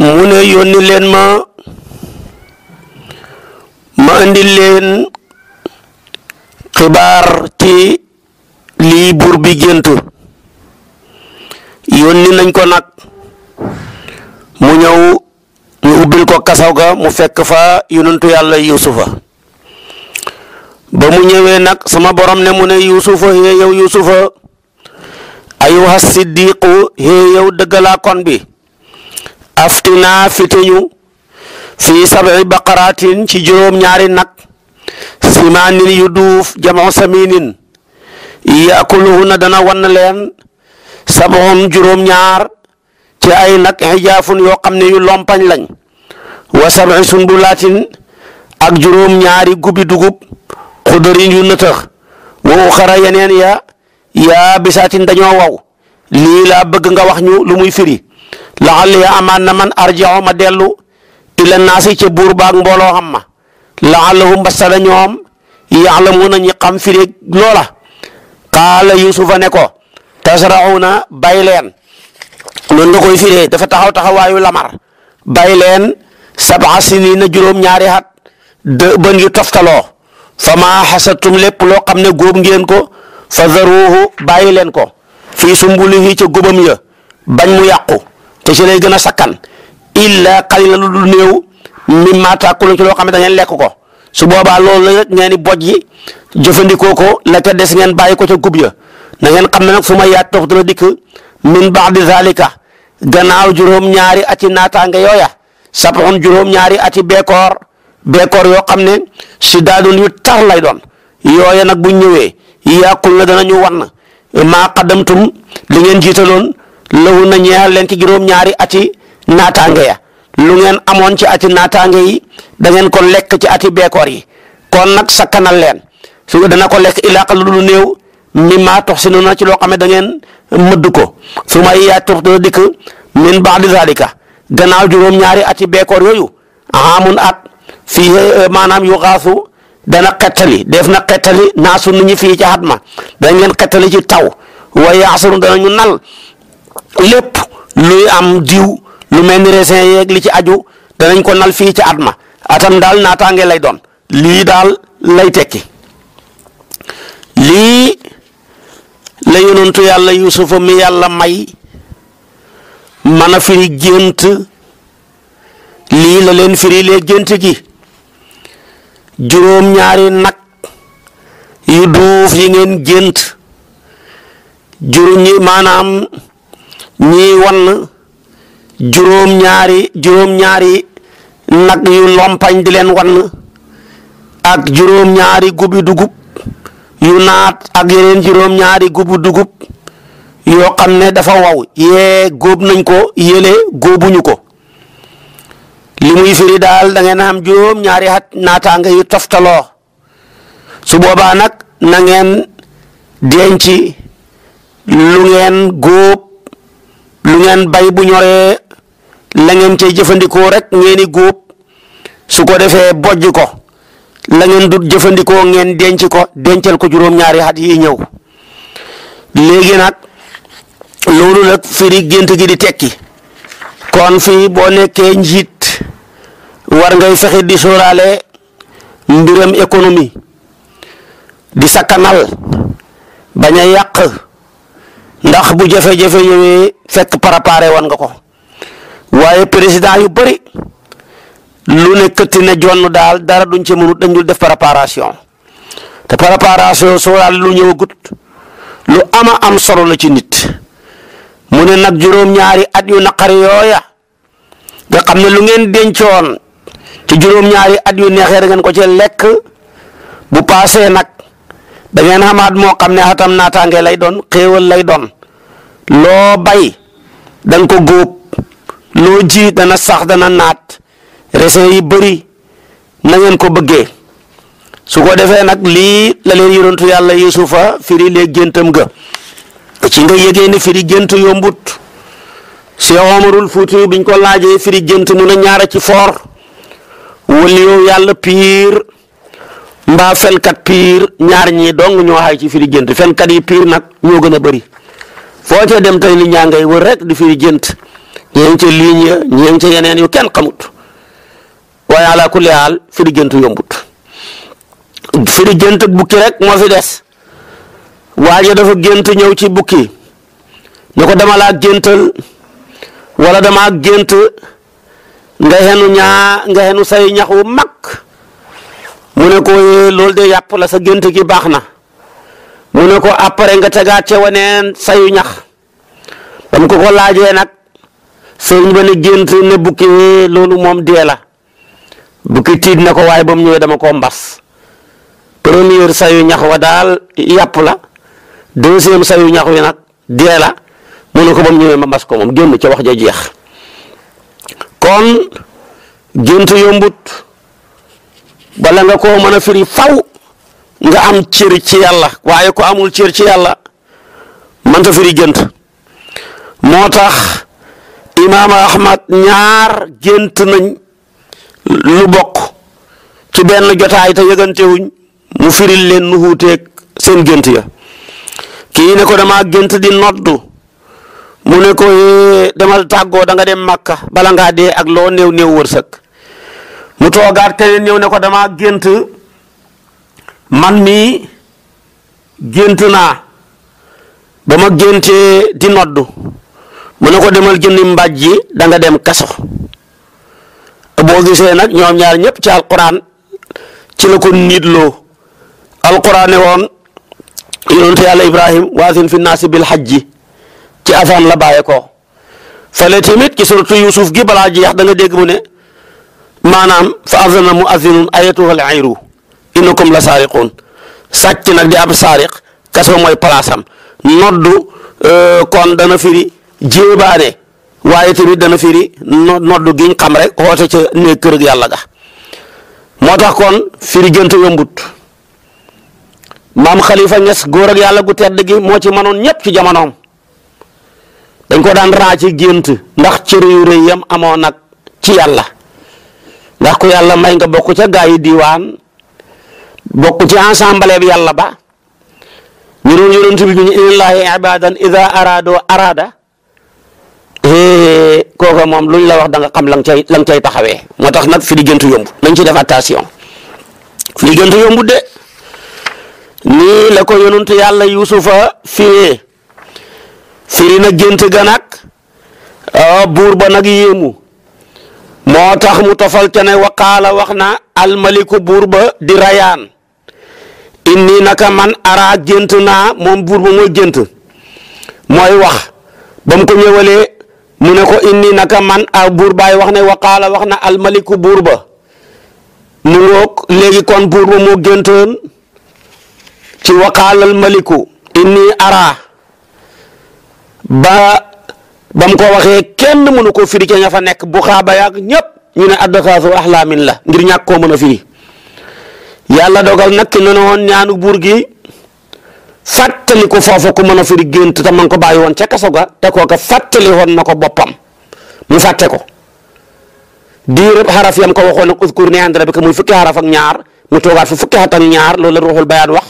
mu ne yónni leen ma ma indi leen xibaar ci lii buur bi gént yónni nañ ko nag mu ñëw ñu ubbil ko kasaw ga mu fekk fa yonentu yàlla yuusufa ba mu ñëwee nag sama borom ne mu ne yuusufa xée yow yuusufa ayuha siddiqu xée yow dëggalaa kon bi aftinaa fituñu fii sab'i baqaraatin ci juróom-ñaari nag simaanin yu duuf jamoo samiinin yaakuluhunna dana wan leen sab'un juróom-ñaar ci ay nag xijaafun yoo xam ne yu lompañ lañ wa sab'i sumbulaatin ak juróom-ñaari gubi dugub xudarin yu nëtëx wa uxara yeneen ya yaa bisaatin dañoo waw lii bëgg nga wax ñu lu muy firi laxalli amaan na man arjao ma dellu ila naasi ca buur baag mbooloo xam ma laxallahum basada ñoom yaxlamuuna ñi xam firéeg loola qaala yusufa ne ko tasrauna bay leen loolu nga koy firee dafa taxaw taxawaayu lamar bay leen sab'a sinina juróom-ñaari at de bën yu toftaloo fa maa xasatum lépp loo xam ne góob ngeen ko fa zaruuhu bàyyi leen ko fii sumbulihi ca góobam ya bañ mu yàqu te ci lay a lu dul néew mimma loo xam ne da ngeen lekk ko su boobaa loolu nag ngeen di bojj yi jëfandikoo ko la des ngeen bàyyi ko ca gub ya na ngeen xam ne nag fu ma yaat toog dana dikk min ba'di zalika gannaaw juróom-ñaari ati naataange yooya sabaxun juróom-ñaari ati beekoor beekoor yoo xam ne si daadun yu tar lay doon yooya nag bu ñëwee yàqul na dana ñu wan maa qaddamtum li ngeen jiitaloon lawu na ñeexal leen ci juróom-ñaari ati naataange ya lu ngeen amoon ci ati naataange yi da ngeen ko lekk ci at ati bekoor yi kon nag sakkanal leen su dana ko lekk ilaqa lu dul néew mimma tuxsinuna ci loo xam ne da ngeen mëdd ko su ma yaa tux dana dikk min ba'di zalika gannaaw juróom-ñaari at ati beekoor yooyu amun at fii eh, maanaam yu xaasu dana xettali def na xettali naasu nit ñi fii ci xatma da ngeen xettali ci taw wa yaasuru dana ñu nal lépp luy am diw lu mel ni raisin yeeg li ci aju danañ ko nal fi ci at atam daal naataange lay doon lii daal lay tekki lii la yonentu yàlla yusufa mi yàlla may mën a firi gént lii la leen firi lee gént gi juróom-ñaari nag yu duuf yi ngeen gént juróom ñi ñii wann juróom-ñaari juróom-ñaari nag yu lompañ di leen wann ak juróom-ñaari gubi dugub yu naat ak yeneen juróom-ñaari gubi dugub yoo xam ne dafa waw yee góob nañ ko yële góobuñu ko li muy firi daal da ngeen am juróom-ñaari at naataange yu toftaloo su boobaa nag nangeen ngeen denc lu ngeen lu ngeen bay bu ñoree la ngeen cay jëfandikoo rek ngeeni góob su ko defee bojj ko la ngeen dut jëfandikoo ngeen denc ko dencal ko juróom-ñaari at yi ñëw léegi nag loolu nag firi gént gi di tekki kon fii boo nekkee njiit war ngay fexe di sóoraale mbiram économie di sakkanal bañ a yàq ndax bu jafe-jafe ñëwee fekk préparé woon nga ko waaye président yu bëri lu ne këtti ne jonn daal dara duñ ci mënut dañ dul def préparation te préparation soo daal lu gut lu ama am solo la ci nit mu ne nag juróom-ñaari at yu naqari yooya nga xam ne lu ngeen dencoon ci juróom-ñaari at yu neexee da ngeen ko ci lekk bu paasee nag. dangeen ngeen moo xam ne atam naataange lay doon xéewal lay doon loo bay da ko góob loo ji dana sax dana naat raisin yi bëri na ngeen ko bëggee su ko defee nag lii la leen yonentu yàlla fa firi léeg géntam ga ci nga yëgee ne firi gént yombut Cheikh Omarul Fuutiyu biñ ko laajee firi gént mun a ñaara ci foor wali yow yàlla piir mbaa fenkat piir ñaar ñii dong ñoo xay ci firi gént fenkat yi piir nag ñoo gën a bari foo ca dem tey li ñaa ngay wër rek di firi gént ñii ngi ca yeneen yu kenn xamut waaye ala kulli haal firi gént moo fi des waaye dafa gént ñëw ci bukki ne ko dama laa géntal wala dama gént nga xenu ñaa nga xenu say ñax wu mag mu ne ko eh, loolu de yàpp la sa gént gi baax na mu ne ko après nga tegaat ca waneen sayu ñax ba mu ko ko laajee nag sëriñ ba ne gént ne bukki eh, loolu moom dee la bukki tiit ne ko waaye ba mu ñëwee dama koo mbas première sayu ñax wa daal yàpp la deuxième sayu ñax wi nag dee la mu ne ko ba mu ñëwee ma mbas ko moom génn ca wax ja jeex kon gént yombut bala nga koo mën a firi faw nga am cër ci yàlla waaye ko amul cër ci yàlla man ta firi gént moo tax imaam ahmad ñaar gënt nañ lu bokk ci benn jotaay te yëgantewuñ mu firil leen nu xuuteeg seen gënt ya kii ne ko dama gënt di noddu mu ne ko demal tàggoo danga nga dem màkka bala ngaa dee ak loo néew néew wërsëg mu toogaat keneen ñëw ne ko damaa gént man mii gént naa ba ma géntee di noddu mu ne ko demal jënd mbàjj ji danga dem kaso boo gisee nag ñoom ñaar ñëpp ci alquran ci la ko niitloo alquran ne woon yonente yàlla ibrahim waasin fi naasi bil hajji ci afaan la bàyyee ko fële tamit ci suratu yusuf gi balaa jeex danga nga dégg mu ne maanaam fa azana mu azinun ayatuhal ayru innakum la saariqun sàcc nag di ab saariq kaso mooy palaasam noddu euh, kon dana firi jéebaane waaye tamit dana firi noddu giñ xam rek xoote ca ne kër yàlla ga moo tax kon firi jënt yombut maam Khalifa Niass góor ak yàlla gu tedd gi moo ci manoon ñëpp ci jamonoom dañ ko daan raa ci gént ndax cër yu rëy yam amoon nag ci yàlla ndax ku yàlla may nga bokk ca gaa diiwaan bokk ci ensemble bi yàlla ba ñu doon yonent bi ñu ñu inallaahi ibadan ida araado araada kooka moom luñ la wax da nga xam la nga cay la taxawee moo tax nag fi di gëntu yomb nañ ci def attention fi di gëntu yomb de nii la ko yonent yàlla yusufa firee firi na gént ga nag ah, buur ba nag yéemu moo tax mu tofal ca ne waqaala wax na almaliku buur ba di rayaan inni naka man ara gént naa moom buur ba mooy gént mooy wax ba mu ko ñëwalee mu ne ko inni naka man a buur wax ne waqaala wax na almaliku buur ba mu ngoog léegi kon buur ba moo géntoon ci waqaala almaliku inni ara ba ba mu ko waxee kenn mënu ko firi ca ña fa nekk bu xaaba yaag ñëpp ñu ne addakaasu axlaamin la ngir ñàkk koo mën a firi yàlla dogal nag ki ne woon ñaanu buur gi fàttali ko foofa ku mën a firi gént te man ko bàyyi woon ca kaso ga te kooka fàttali woon na ko boppam mu fàtte ko diirëb xaraf yam ko waxoon nag uskur ne andra bi que muy fukki xaraf ak ñaar mu toogaat fu fukki xat ak ñaar loolu la ruuxul bayaan wax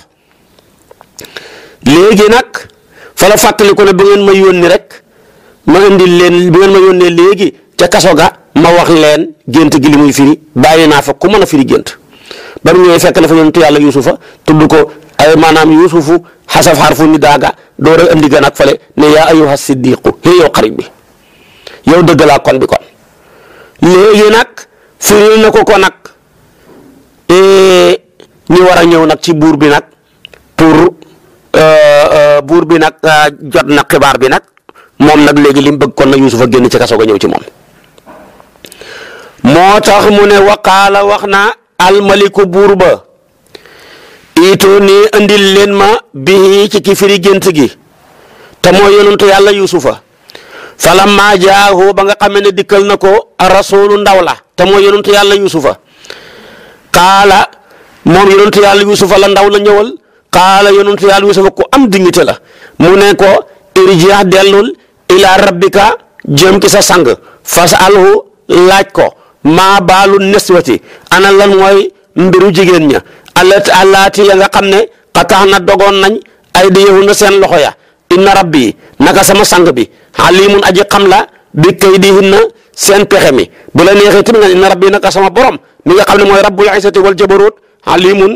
léegi nag fa la fàttali ne ba ngeen ma yónni rek. ma indil leen bu ngeen ma yónnee léegi ca kaso ga ma wax leen gént gi li muy firi bàyyi naa fa ku mën a firi gént ba mu ñëwee fekk na fa yonentu yàlla yuusufa tudd ko ay maanaam yuusufu xasaf xarfu ni daaga door a indi gan ak fale ne yaa ayuha siddiqu hé yow xarit bi yow dëgg kon bi kon léegi nag firil na ko ko nag ñu war a ñëw nag ci buur bi nag pour euh, euh, buur bi nag euh, jot na xibaar bi nag moom nag léegi li mu bëgg kon nag Yuusufa génn ci kaso ga ñëw ci moom moo tax mu ne waqaala wax na almaliku buur ba iitu nii andil leen ma bii ci ki gént gi te moo yonantu yàlla Yuusufa falamma jaahu ba nga xamee ne dikkal na ko rasulu ndaw la te moo yonantu yàlla Yuusufa qaala moom yonantu yàlla Yuusufa la ndaw la ñëwal qaala yonantu yàlla Yuusufa ku am dignité la mu ne ko irji dellul ilaa rabbika jëm ki sa sang fas alhu laaj ko maa baalu neswati ana lan mooy mbiru jigéen ña alati alaati ya nga xam ne xataax na dogoon nañ ay di yehu na seen loxo ya inna rabbi naka sama sang bi alimun aji xam la bi kay di hinna seen pexe mi bu la neexee tamit nga na rabbi naka sama borom mi nga xam ne mooy rabbul isati wal jabarut alimun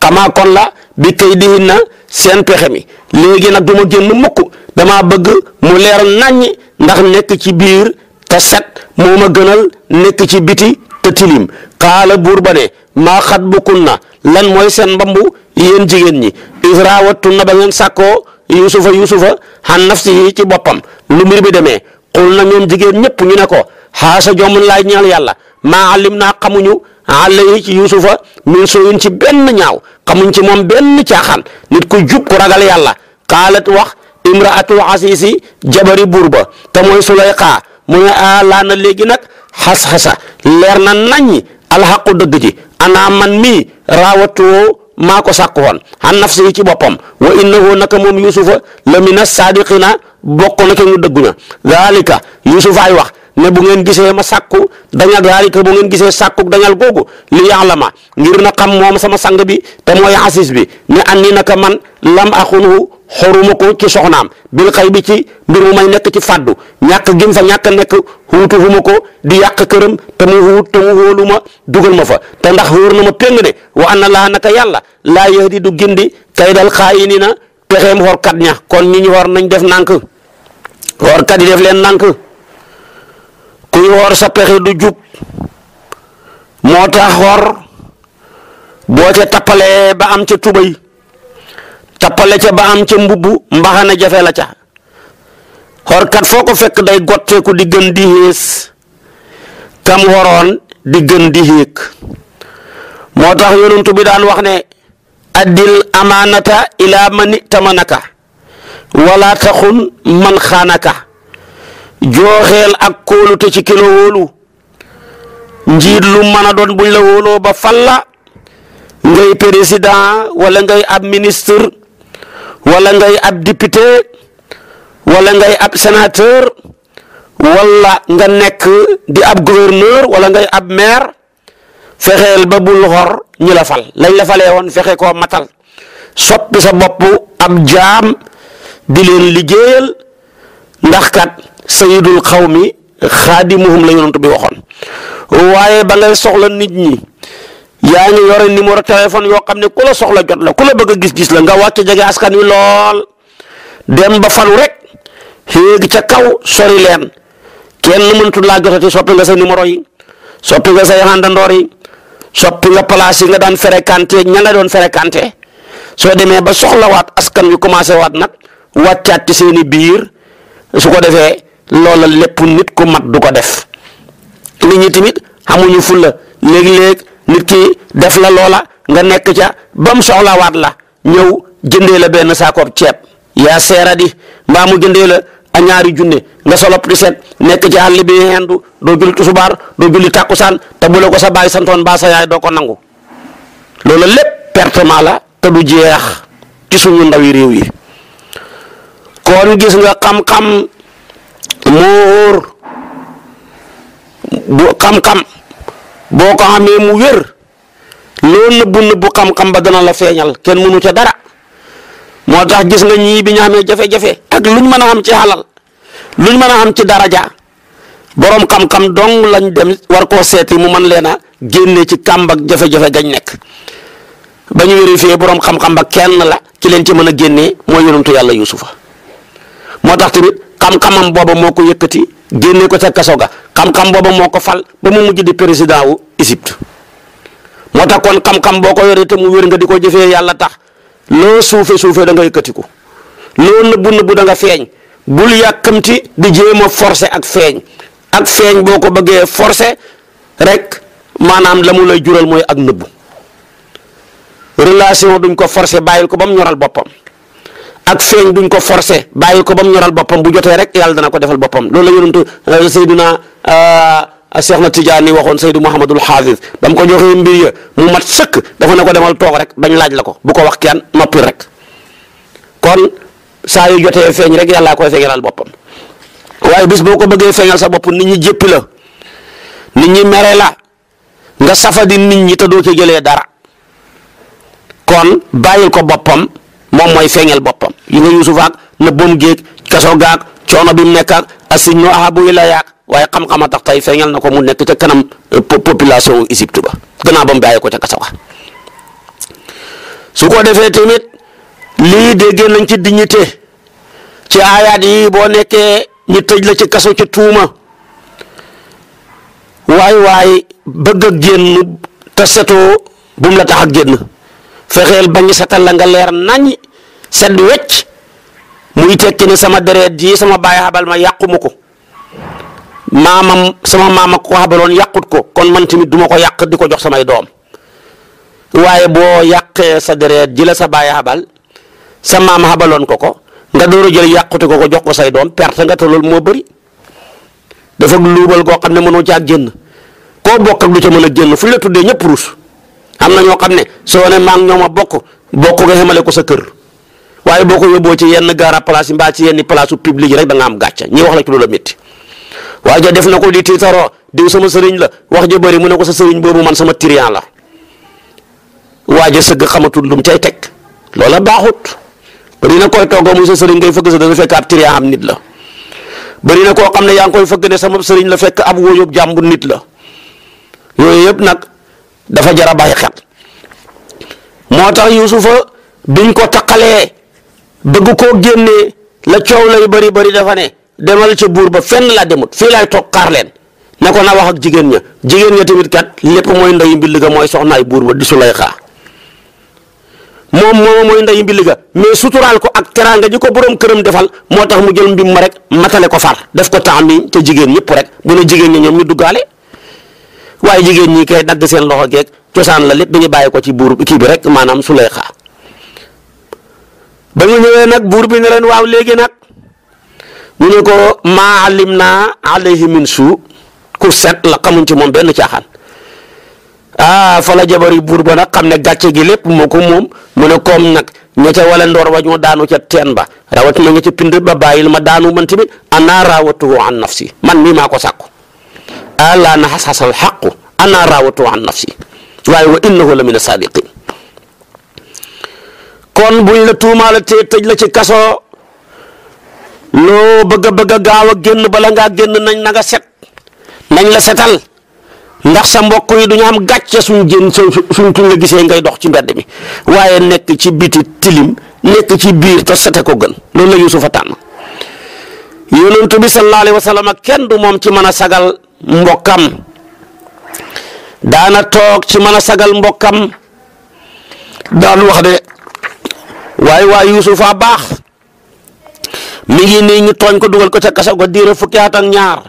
xamaa kon la bi kay dihin na seen pexe mi léegi nag du ma génn mukk damaa bëgg mu leer naññ ndax nekk ci biir te set moo ma gënal nekk ci biti te tilim xaala buur ba ne maa xat bukkun na lan mooy seen mbambu yéen jigéen ñi israawattu na ba ngeen sàkkoo yusufa yusufa xan nafsi yi ci boppam lu mbir bi demee xul na ñoom jigéen ñëpp ñu ne ko xaasa joomun ñeel yàlla maa alim naa xamuñu alayhi ci yusufa min sooyun ci benn ñaaw xamuñ ci moom benn caaxaan nit ku jub ku ragal yàlla qaalat wax imraatul asisi jabari burba te mooy ka mu ne ah, laana léegi nag xas-xasa leer na naññi alxaqu dëgg ji ana man mi raawatoo maa ko sàkk woon an nafsi ci boppam wa innahu naka moom yusufa la min as-saadiqina na ca ñu dëggu na zalika yusufa ay wax ne bu ngeen gisee ma sàkku dañal daalika bu ngeen gisee sàkku dañal googu li yaalama ngir na xam moom sama sang bi te mooy asis bi ne an ni naka man lam axunhu xoruma ko ci soxnaam bil xay bi ci mbir mu may nekk ci fàddu ñàkk gim fa ñàkk nekk xuutuhuma ko di yàq këram te mu xuut te mu xóolu ma dugal ma fa te ndax wóor na ma péng ne wa anna laa naka yàlla laa yahdi du gindi kay dal na pexeem xor kat ña kon ñi ñu xor nañ def nànk xor kat yi kuy woor sa pexe du jub moo tax woor boo ca tappalee ba am ca tubay tappale ca ba am ca mbubb mbaxana jafe la ca xorkat foo ko fekk day gotteeku di gën di xées kam waroon di gën di xéeg moo tax yonent bi daan wax ne addil amaanata ilaa mani tamanaka wala taxun man xaanaka jooxeel ak kóolute ci kilo wóolu njiit lu mën a doon buñ la wóoloo ba falla ngay président walla ngay ab ministre walla ngay ab député wala ngay ab sénateur walla nga nekk di ab gouverneur wala ngay ab maire fexeel ba bul xor ñi la lañ la falee woon fexe koo matal soppi sa bopp ab jaam di leen liggéeyal ndax kat sayidul xawmi xaadimuhum la yonent bi waxoon waaye ba ngay soxla nit ñi yaa ngi yore numéro téléphone yoo xam ne ku la soxla jot la ku la bëgg gis-gis la nga wàcc jege askan wi lool dem ba falu rek xéeg ca kaw sori leen kenn mënatu laa jotati soppi nga sa numéro yi soppi nga say àndandoor yi soppi nga place yi nga daan fréquenté ña nga doon fréquenté soo demee ba soxlawaat askan wi commencé waat nag wàccaat ci seeni biir su ko defee. loola lépp nit ku mat du ko def nit ñi tamit amuñu fulla léeg-léeg nit ki def la loola nga nekk ca ba mu soxlawaat la ñëw jëndee la benn saakoob ceeb yaa seera di mbaa mu jëndee la a ñaari junne nga solop di set nekk ci àll bi hendu doo julli tusubaar doo julli tàkkusaan te bu la ko sa baay santoon baa sa yaay doo ko nangu loolu lépp pertement la te du jeex ci suñu ndawi réew yi kon gis nga xam-xam moo wóor bu xam-xam boo ko xamee mu wér loolu nëbbu nëbbu xam-xam ba dana la feeñal kenn mënu ca dara moo tax gis nga ñii bi ñu amee jafe-jafe ak luñ mën a am ci xalal luñ mën a am ci daraja borom xam-xam dong lañ dem war koo seeti mu mën leen a génne ci kàmba ak jafe-jafe gañ nekk ba ñu vérifié borom xam-xam ba kenn la ci leen ci mën a génnee mooy yonentu yàlla Yuusufa moo tax tamit xam-xamam booba moo ko yëkkati génnee ko ca kaso ga xam-xam booba moo ko fal ba mu mujj di président wu Égypte moo tax kon xam-xam boo ko yoree te mu wér nga di ko jëfee yàlla tax loo suufe suufe da nga yëkkati ko loo nëbbu nëbbu da nga feeñ bul yàkkamti di jéem a forcé ak feeñ ak feeñ boo ko bëggee forcé rek maanaam la mu lay jural mooy ak nëbbu relation duñ ko forcé bàyyil ko ba mu ñoral boppam. ak feeñ duñ ko forcé bàyyi ko ba mu ñoral boppam bu jotee rek yàlla dana ko defal boppam loolu la yonentu Seydina Seex ah, ah, na Tijaani waxoon Seydou Mouhamadul Xaafis ba ko joxee mbir ya mu mat sëkk dafa ne ko demal toog rek bañ laaj la ko bu ko wax kenn noppil rek kon saa yu jotee feeñ rek yàllaa koy feeñalal boppam waaye bis boo ko bëggee feeñal sa bopp nit ñi jéppi la nit ñi mere la nga safa di nit ñi te doo ca jëlee dara kon bàyyil ko boppam. moom mooy feeñal boppam yi nga Yuusuf ak na boom géeg kaso gaag coono bi mu nekk ak asin no ahabu ila yaak waaye xam-xam a tax tey feeñal na ko mu nekk ca kanam euh, population Égypte ba gannaaw ba mu bàyyi ko ca kaso ga su ko defee tamit lii déggee nañ ci dignité ci aayaat yi boo nekkee ñu tëj la ci kaso ci tuuma waay waay bëgg a génn te setoo bu la tax a génn fexeel ba ñu setal la nga leer nañ set wecc muy tekki ni sama dereet ji sama baay xabal ma yàquma ko maamam sama maama ko xabaloon yàqut ko kon man tamit duma ko yàq di ko jox samay doom waaye boo yàqee sa deret ji la sa baay xabal sa maam xabaloon ko ko nga door a yàqute ko ko jox ko say doom perte nga te loolu moo bari dafa luubal ko xam ne mënoo caa génn koo bokk ak du ca mën a génn fu ñu la tuddee ñëpp ruus am na ñoo xam ne soo ne maa ngi ma a bokk bokk nga xamale ko sa kër waaye boo ko yóbboo ci yenn gaara place yi mbaa ci yenn place publique yi rek da am gàcce ñi wax la ci lu la métti waa ja def na ko di tiitaroo diw sama sëriñ la wax ja bëri mu ne ko sa sëriñ boobu man sama tiriyan la waa ja sëgg lu mu cay teg loola baaxut bëri na koy toggoo muy sa sëriñ ngay fëgg sa dana fekk ab tiriyan am nit la bari na koo xam ne yaa ngi koy fëgg ne sama sëriñ la fekk ab wóoyób jàmbur nit la yooyu yëpp nag dafa jar a bàyyi xel moo tax Yuusufa biñ ko taqalee bëgg koo génnee la coow lay bari bari dafa ne demal ca buur ba fenn laa demut fii laay toog xaar leen ne ko na wax ak jigéen ña jigéen ña tamit kat lépp mooy ndeyu mbill ga mooy soxnaay buur ba di Sulayxa moom moom mooy ndeyu mbill ga mais suturaal ko ak teraanga ji ko borom këram defal moo tax mu jël mbim ma rek matale ko far def ko taam yi te jigéen ñëpp rek bu ne jigéen ña ñoom ñu duggaale. waaye jigéen ñi kay nag dagg seen loxo geeg cosaan la lépp dañuy bàyyi ko ci buur kii bi rek maanaam Suleyxa ba ñu ñëwee nag buur bi ne leen waaw léegi nag ñu ne ko maa alim na alayhi min su ku set la xamuñ ci moom benn caaxaan ah fa la jabar yi buur ba nag xam ne gàcce gi lépp moo ko moom mu ne koom nag ña ca wala ndoor ba moo daanu ca teen ba rawatina nga ca pind ba bàyyil ma daanu man tamit ana raawatuhu an nafsi man mii maa ko sàkku alaa na xasxasal xaqu ana raawatu an nafsi waaye wa innahu la min asaadiqin kon buñ la tuumaale te tëj la ci kaso loo bëgg a bëgg gaaw a génn bala nga génn nañ nanga set nañ la setal ndax sa mbokk yi duñu am gàcce suñ génn suñ tuñ la gisee ngay dox ci mbedd mi waaye nekk ci biti tilim nekk ci biir te sete ko gën loolu la Yuusufa tànn yonent bi sallallahu alayhi wa kenn du moom ci mën a sagal mbokkam daana toog ci mën a sagal mbokkam daan wax de waaye waa Yuusufa baax mi ngi nii ñu tooñ ko dugal ko ca kaso ko diira fukki at ñaar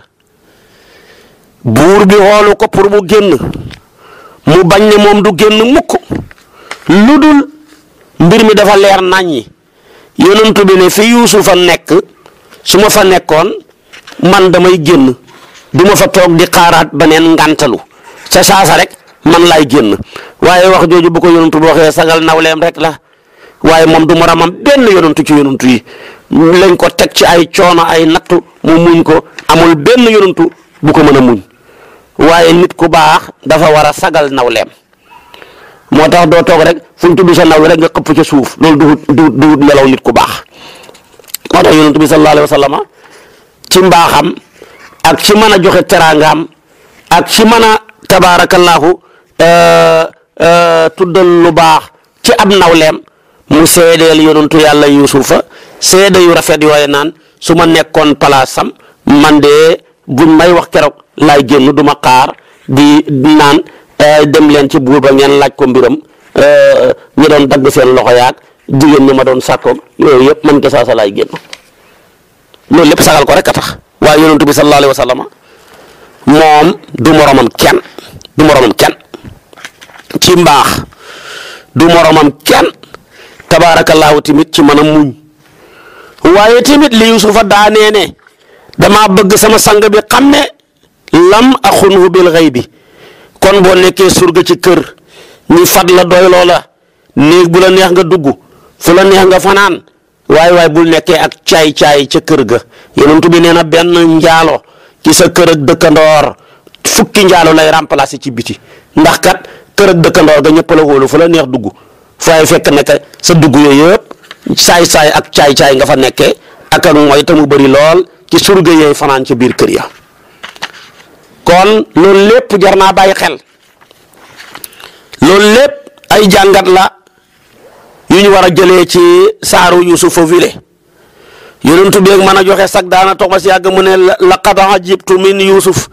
buur bi xoolu ko pour mu génn mu bañ ne moom du génn mukk lu dul mbir mi dafa leer naññi yonent bi ne fi Yuusufa nekk su ma fa nekkoon man damay génn du ma fa toog di xaaraat beneen ngantalu ca saasa rek man laay génn waaye wax jooju bu ko yonantu boo waxee sagal nawleem rek la waaye moom du moroomam benn yonantu ci yonantu yi lañ ko teg ci ay coono ay nattu mu muñ ko amul benn yonantu bu ko mën a muñ waaye nit ku baax dafa war a sagal nawleem moo tax doo toog rek fu ñu tudd sa nawle rek nga xëpp ca suuf loolu du du melaw nit ku baax moo tax yonantu bi sallallahu alayhi wa sallam ci mbaaxam. ak ci mën a joxe teraangam ak ci mën a tabaarakallaahu euh, euh, tuddal lu baax ci ab nawleem mu seedeel yonantu yàlla yusufa seede yu rafet yooye naan su ma nekkoon palaasam man de buñ may wax keroog lay génn du ma xaar di naan euh, dem leen ci buur ba ngeen laaj ko mbiram ñi doon dagg seen loxo yaag jigéen ñi ma doon sàkkoog yooyu yëpp man ke saasa génn loolu lépp sagal ko rek a tax waaye yonentu bi sallallahu alayhi wa sallam moom du moromam kenn du moromam kenn ci mbaax du moromam kenn tabaarakallaahu tamit ci mën a muñ waaye tamit li Yuusufa daanee ne dama bëgg sama sang bi xam ne lam axunhu bil xaybi kon boo nekkee surga ci kër ñi fat la doy loola néeg bu la neex nga dugg fu la neex nga fanaan waay waaye bul nekkee ak caay-caay ca kër ga yonent bi nee na benn njaalo ci sa kër ak dëkkandoor fukki njaalo lay remplacer ci biti ndax kat kër ak dëkkandoor ga ñëpp la wóolu la neex dugg fay fekk nekk sa dugg yooyu yëpp saay-saay ak caay-caay nga fa nekkee ak ak mooy te mu bëri lool ci surga yooyu fanaan ca biir kër ya kon loolu lépp jar naa bàyyi xel loolu lépp ay jàngat la. yu ñu war a jëlee ci saaru yusufa vile yonentu beeg mën a joxe sag daana toog ma si yàgg mu ne laqad ajibtu min yusuf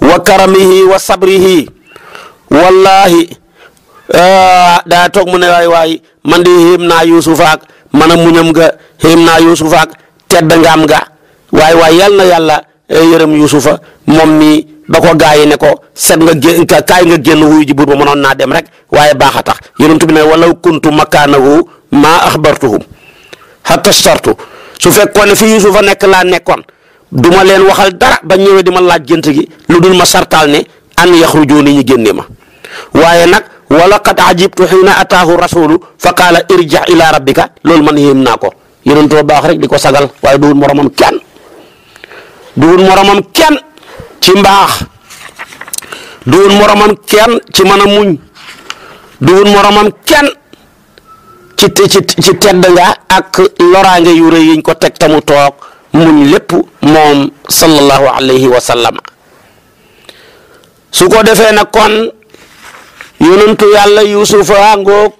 wa karamihi wa sabrihi wallahi ah, daa toog mu ne waay waay man di xéem naa yusufa ak man a muñam nga xéem naa yusufa ak tedd ngaam nga waay waay yal yàlla eh, yërëm yusufa moom ba ko gaa yi ne ko set nga génn kaay nga génn wuyu ji buur ba mënoon naa dem rek waaye baax a tax yonent bi ne walaw kuntu makaanahu maa axbartuhum hatta startu su fekkoon ne fi Yuusufa nekk laa nekkoon du ma leen waxal dara ba ñëwee di ma laaj gént gi lu dul ma sartaal ne an yaxrujoo ni ñu génne ma waaye nag wala qad ajibtu xiina ataahu rasulu fa qaala irji ila rabbika loolu man yéem naa ko yonent ba baax rek di ko sagal waaye duwul moromam kenn duwul kenn ci mbaax duwun moromam kenn ci mën a muñ duwun moromam kenn ci ci ak loraange yu rëy yiñ ko teg tamu toog muñ lépp moom sallallahu alayhi wa su ko defee nag kon yonentu yàlla yuusufa ngoog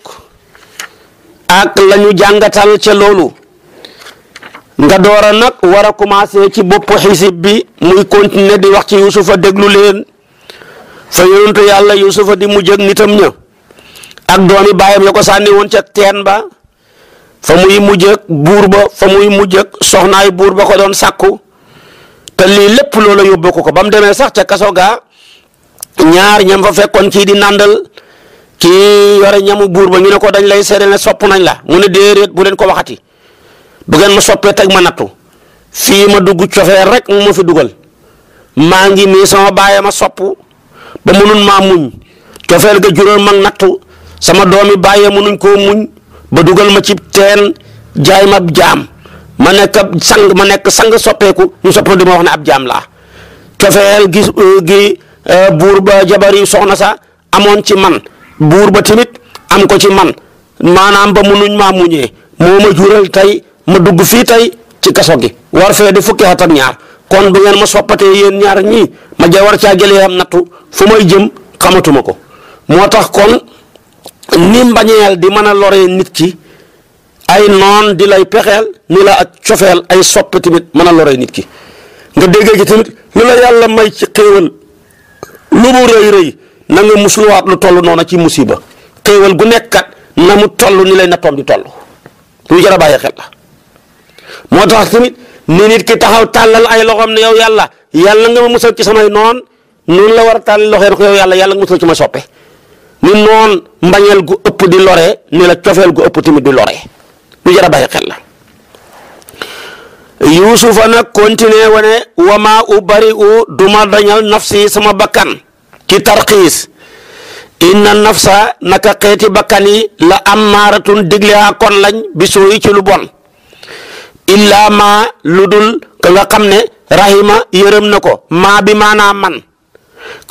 ak lañu ñu jàngatal ca loolu nga door nag war a commencé ci bopp xisib bi muy continuer di wax ci yusufa déglu leen fa yonentu yàlla yusufa di mujj ak nitam ña ak doomi baayam ya ko sànni woon ca teen ba fa muy mujj ak buur ba fa muy mujj ak soxnaay buur ba ko doon sàkku te lii lépp loola yóbbu ko ko ba mu demee sax ca kaso ga ñaar ñam fa fekkoon kii di nàndal kii yore ñamu buur ba ñu ne ko dañ lay seede ne sopp nañ la mu ne déedéet bu leen ko waxati bu ngeen ma soppee teg ma nattu fii ma dugg cofee rek moo fi dugal maa ngi nii sama baay ma sopp ba mënun maa muñ cofeel ga jural mag nattu sama doomi bàyyee mënuñ koo muñ ba dugal ma ci teen jaay ma jaam ma nekk sang ma nekk sang soppeeku ñu soppee di ma wax ne ab jaam laa cofeel gi euh, euh, buur ba jabar yi soxna sa amoon ci man buur ba tamit am ko ci man maanaam ba mënuñ maa muñee moo ma jural tey ma dugg fii tey ci kaso gi war fee di fukki at ak ñaar kon bu ngeen ma soppatee yéen ñaar ñii ma ja war caa jëlee am nattu fu may jëm xamatuma ko moo tax kon ni mbañeel di mën a loree nit ki ay noon di lay pexeel ni la ak cofeel ay soppe tamit mën a loree nit ki nga déggee ci tamit lu la yàlla may ci xéewal lu mu rëy rëy na nga musluwaat lu toll noona ci musiba xéewal gu nekkat na mu toll ni lay nattoom di toll lu jar bàyyi xel la moo tax tamit ni nit ki taxaw tàllal ay loxoom ne yow yàlla yàlla nga ma musal ci samay noon noonu la war a tàllal loxo yàlla yàlla nga ci ma soppe ni noon gu ëpp di lore ni la cofeel gu ëpp tamit di lore lu jar a bàyyi xel la yuusufa nag kontine wane wamaa u bari u duma dañal nafsi sama bakkan ci tarxiis na nafsa naka xeeti bakkan yi la amaaratun digle kon lañ bisoo yi ci lu bon illaa maa lu dul ka nga xam ne rahima yërëm na ko maa bi maanaam man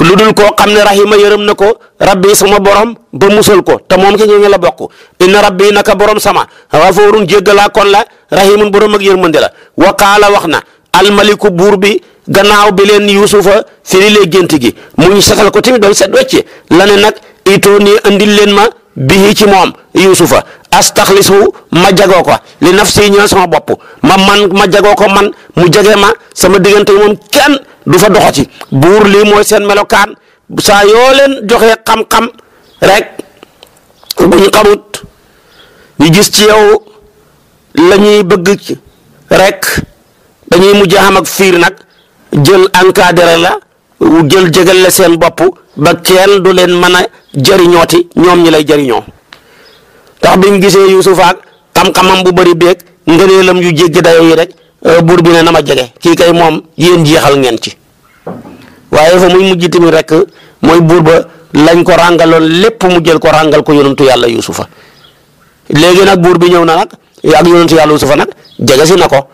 lu dul koo xam ne rahima yërëm na ko rabbi sama borom ba musal ko te moom ki ñu la bokk inna rabbi naka borom sama xafoorun jéggalaa kon la rahimun borom ak yërmande la wa wax na almaliku buur bi gannaaw bi leen yuusufa firi lee gént gi mu ñu setal ko tamit ba mu set wecc la ne nag itoo nii andil leen ma bihi ci moom yuusufa astaxlisu ma jagoo ko li nafsi ñëw sama bopp ma man ma jagoo ko man mu jege ma sama diggante moom kenn du fa doxo ci buur lii mooy seen melokaan saa yoo leen joxe xam-xam rek bu ñu xamut ñu gis ci yow la ñuy bëgg rek dañuy mujj xam ak fiir nag jël encadré la jël jégal la seen bopp ba kenn du leen mën a jëriñooti ñoom ñi lay jëriñoo tax biñ gisee Yuusuf ak xam-xamam bu bëri beeg lam yu jéggi dayo rek euh, buur bi ne nama ma jege kii kay moom yéen jeexal ngeen ci waaye fa muy mujj tamit rek mooy buur ba lañ ko ràngaloon lépp mu jël ko ràngal ko yonentu yàlla Yuusufa léegi nag buur bi ñëw na nag ak yonentu yàlla Yuusufa nag jege si na ko